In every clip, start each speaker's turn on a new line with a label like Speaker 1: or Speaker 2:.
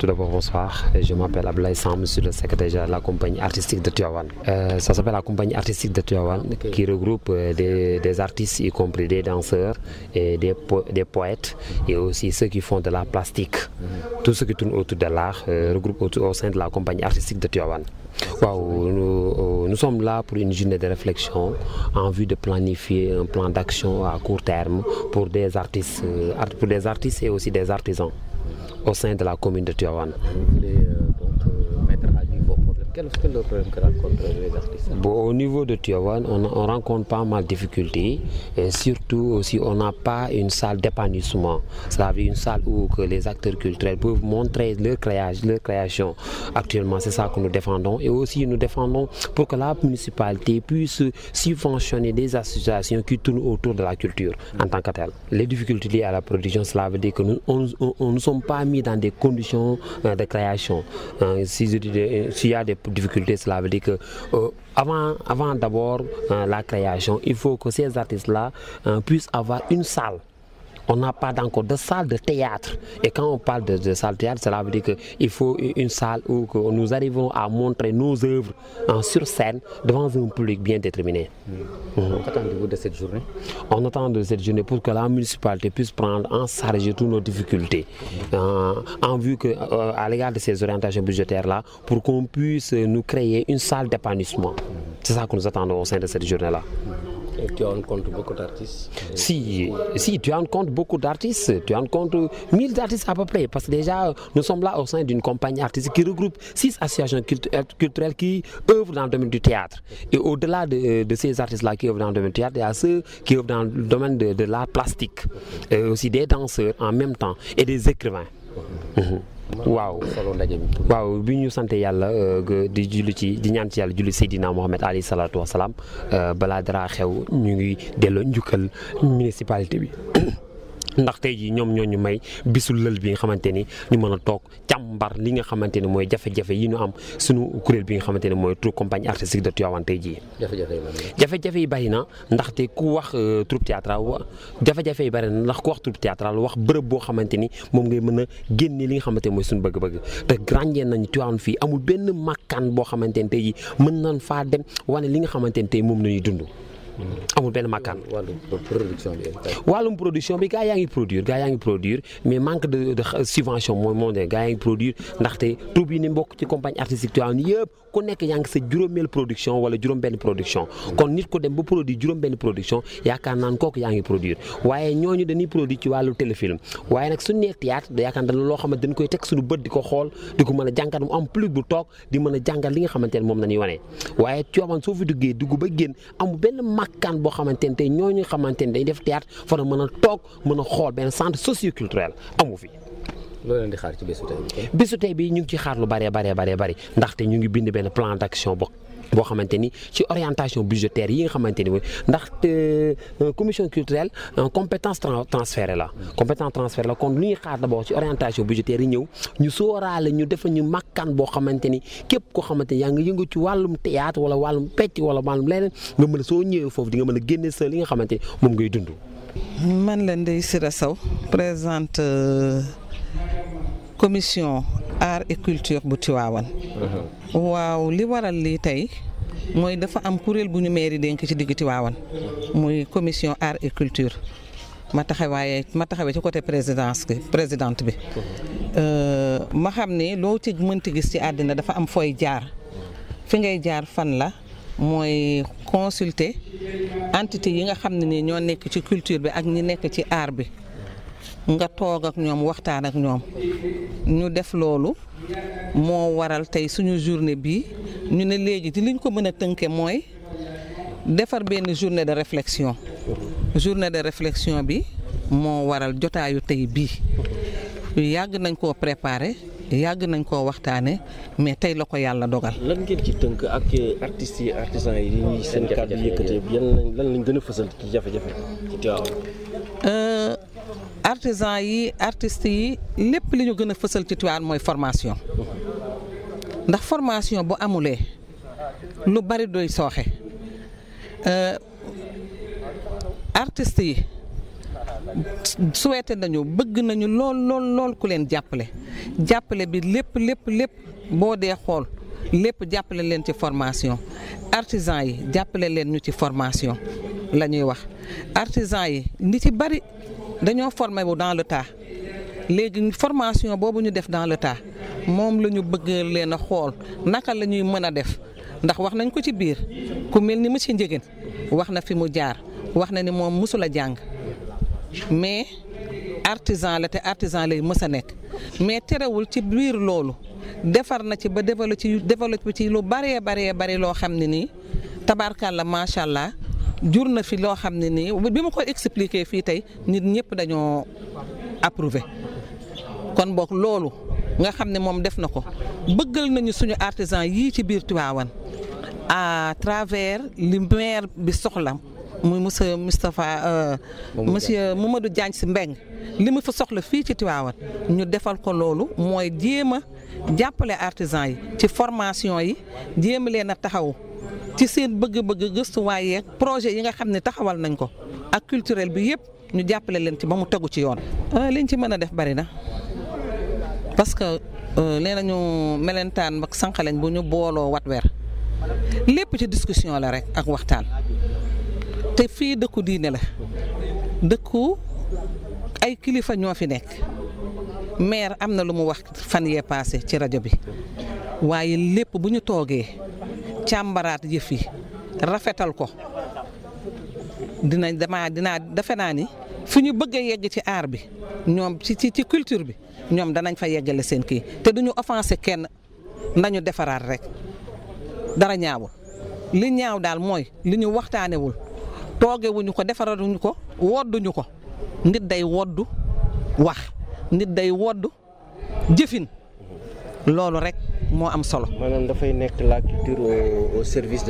Speaker 1: Tout d'abord, bonsoir. Je m'appelle Ablaï Sam, je suis le secrétaire général de la compagnie artistique de Tuawan. Euh, ça s'appelle la compagnie artistique de Tuawan, okay. qui regroupe euh, des, des, artistes, y compris des danseurs et des, po poètes, et aussi ceux qui font de la plastique. Mhm. Tout ce qui tourne autour de l'art euh, regroupe autour, au sein de la compagnie artistique de Tuawan. Wow, euh, nous, sommes là pour une journée de réflexion en vue de planifier un plan d'action à court terme pour des artistes, euh, pour des artistes et aussi des artisans. au sein de la commune de Tivaouane. Quel est le problème que rencontrent on, on, rencontre mal de difficultés et surtout on n'a pas une salle d'épanouissement. C'est-à-dire une salle où que les acteurs culturels peuvent montrer leur, créage, leur création. Actuellement, c'est ça que nous défendons et aussi nous défendons pour que la municipalité puisse subventionner des associations qui tournent autour de la culture en tant que telle. Les difficultés à la production, cela veut dire que nous ne sommes pas mis dans des conditions euh, de création. Euh, euh, s'il difficulté. Cela veut dire que euh, avant, avant d'abord euh, la création, il faut que ces artistes-là euh, puissent avoir une salle on n'a pas encore de salle de théâtre. Et quand on parle de, salle de théâtre, cela veut dire qu'il faut une salle où nous arrivons à montrer nos œuvres en sur scène devant un public bien déterminé. Mmh. Mmh. de cette journée pour que la municipalité puisse prendre en charge toutes nos difficultés euh, en vue que, euh, à l'égard de ces orientations budgétaires-là, pour qu'on puisse nous créer une salle d'épanouissement. C'est ça que nous attendons Et tu en comptes beaucoup d'artistes Si, si, tu en comptes beaucoup d'artistes. Tu en comptes artistes à peu près. Parce que déjà, nous sommes là au sein d'une compagnie artistique qui regroupe 6 associations euh, culturelles qui œuvrent dans le domaine du théâtre. Et au-delà de, ces artistes-là qui œuvrent dans le domaine a ceux qui de, de l'art plastique. Et euh, aussi des danseurs en même temps et des écrivains. Mhm. waaw waaw bi ñu sant yàlla euh, di julli ci di ñaan ci yàlla julli Seydina Mohamed alayhi salaatu wasalaam euh, balaa daraa xew ñu ngi delloo njukkal municipalité bi ndax tey jii ñoom ñoo ñu may bisu lël bi nga xamante ni ñu mën a toog càmbar li nga xamante ni mooy jafe-jafe yi ñu am suñu kuréel bi nga xamante ni mooy troupe compagnie artistique de tey jii. jafe-jafe yi bari na ndaxte ku wax euh, troupe théâtral jafe-jafe yi bari ndax ku wax troupe théâtral wax bërëb boo xamante ni moom ngay mën a génne li nga xamante ni mooy suñu bëgg-bëgg te grandee nañu Tivaouane fii amul benn makkaan boo xamante ni tey mën nañ faa dem wane li nga xamante ni tey moom ñuy dund amul benn makkaan. wàllum production bi gaa yaa ngi produire gaa yaa ngi produire mais manque de de subvention mooy moo ne gaa yaa ngi produire ndaxte troupe ni mbokk ci compagnie artistique Tivaouane yëpp ku nekk yaa ngi sa juróomeel production wala juróom-benn production. kon nit ko dem ba produire juróom yaakaar naan kooku yaa ngi produire waaye ñooñu dañuy produire ci wàllu téléfilm waaye nag suñu nee théâtre da yaakaar dañ loo xamante dañ koy teg suñu bët di ko xool di ko mën a jàngat mu am plus bu toog di mën a jàngat li nga la kan boo xamante ne tey ñooñu xamante ne dañ def théâtre fana mën a toog mën a xool benn centre culturel amu fi. loolu leen di xaar ci bésu tey bi. bésu ñu ngi ci xaar lu bëree bare bëri ndaxte ñu ngi bind benn plan d'action bokk. boo xamante ni si orientation budgétaire yi nga xamante ni ndax euh, euh, commission culturelle euh, compétence transférée la compétence transférée la kon lu ñuy xaar d'abord si orientation budgétaire yi ñëw ñu sóoraale ñu defal ñu màkkaan boo xamante ni képp koo xamante ni yaa ngi yëngu ci wàllum théâtre wala wàllum pecc wala wàllum leneen nga mën a soo ñëwee foofu di nga mën a génne sa li nga xamante ni moom ngay dund. man
Speaker 2: la Ndeye Sira Sow présente art et culture bu Tiwaawan. Uh-huh. waaw li waral lii tey mooy dafa am kuréel bu ñu mairie dénk ci digg Tiwaawan muy commission art et culture ma taxawaaye ma taxawee ci côté présidence bi présidente bi. Uh-huh. Euh, ma xam ne loo ci mënti gis ci àddina dafa am fooy jaar fi ngay jaar fan la mooy consulter entité yi nga xam ne ni ñoo nekk ci culture bi ak ñi nekk ci art bi. nga toog ak ñoom waxtaan ak ñoom ñu def loolu moo waral tey suñu journée bi ñu ne léegi ci liñ ko mën a tënke mooy defar benn journée de réflexion journée de réflexion bi moo waral jotaayu tey bii yàgg nañ koo préparer yàgg nañ ko waxtaane mais tey la ko yàlla dogal.
Speaker 1: lan ngeen ci tënk ak artistes yi artisans yi ñuy seen kàddu yëkkatee yan lan lañ gën a fësal
Speaker 2: artisan yi artistes yi lépp li ñu gën a fësal ci Tivaouane mooy formation ndax formation bu amulee lu bari doy sooxe euh, artistes yi souhaité nañu bëgg nañu lool lool ku leen jàppale jàppale bi lépp lépp boo dee xool lépp jàppale leen ci formation artisan yi jàppale leen ñu ci formation lañuy wax artisan yi ni ci bari dañoo formé wu dans le tas léegi formation boobu ñu def dans le tas moom la ñu bëgg leen a xool naka la ñuy mën a def ndax wax nañ ko ci biir ku mel ni monsieur Ndiéguène wax na fi mu jaar wax na ni moom mësul a jàng mais artisan la te artisan lay mës a nekk mais terewul ci biir loolu defar na ci ba développé ci développé ci lu baree baree bari loo xam ne nii tabaarkàlla macha allah. jur na fi loo xam ne nii bi ma koy expliquer fii tey nit ñëpp dañoo approuvé kon boog loolu nga xam ne moom def na ko bëggal nañu suñu artisan yii ci biir Tivaouane à travers li maire bi soxla muy monsieur Moustapha euh, monsieur Mamadou Diagne Sy Mbengue li mu fa soxla fii ci Tivaouane ñu defal ko loolu mooy jéem a jàppale artisan yi ci formation yi jéem leen a taxaw ci seen bëgg-bëgg gëstuwaay projet yi nga xam ne taxawal nañ ko ak culturel bi yëpp ñu jàppale leen ci ba mu tegu ci yoon. Euh, liñ ci mën a def bari na parce que euh, nee nañu melentaan ak sànqaleñ bu ñu booloo wat weer lépp ci discussion la rek ak waxtaan te fii dëkku diine la dëkku ay kilifa ñoo fi nekk maire am na lu mu wax fan yee paase ci rajo bi waaye lépp bu ñu toogee. càmbaraat yëf yi rafetal ko dinañ damaa dinaa defe naa ni fu ñu bëggee a yegg ci aar bi ñoom ci ci ci culture bi ñoom danañ fa yeggale seen kii te duñu offensé kenn nañu defaraat rek dara ñaawul li ñaaw daal mooy li ñu waxtaanewul toogewuñu ko defaraduñu ko wodduñu ko nit day woddu wax nit day woddu jëfin loolu rek moo am solo. maanaam nekk la culture au service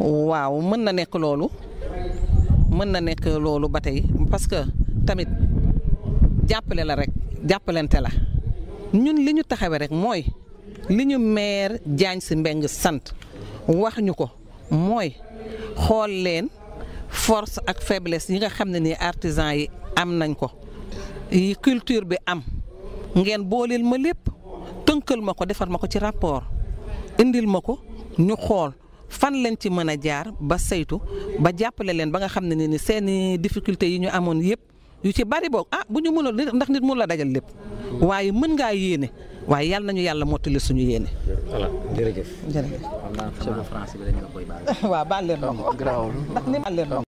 Speaker 2: waaw mën na nekk loolu mën na nekk loolu ba tey parce que tamit jàppale la rek jàppalante la ñun li ñu taxawee rek mooy li ñu maire Diagne si Mbengue sant wax ñu ko mooy xool leen force ak faiblesse yi nga xam ne ni artisan yi am nañ ko yi culture bi am ngeen booleel ma lépp. tënkal ma ko defar ma ko ci rapport indil ma ko ñu xool fan lañ ci mën a jaar ba saytu ba jàppale leen ba nga xam ne ne ni seeni difficulté yi ñu amoon yëpp yu ci bari boog ah bu ñu mënul ndax nit mënul la dajal lépp waaye mën ngaa yéene waaye yàlla nañu yàlla mottali suñu yéene.
Speaker 1: voilà jërëjëf. jërëjëf xam naa français bi dañu la koy
Speaker 2: baal. waaw baal leen ma ko.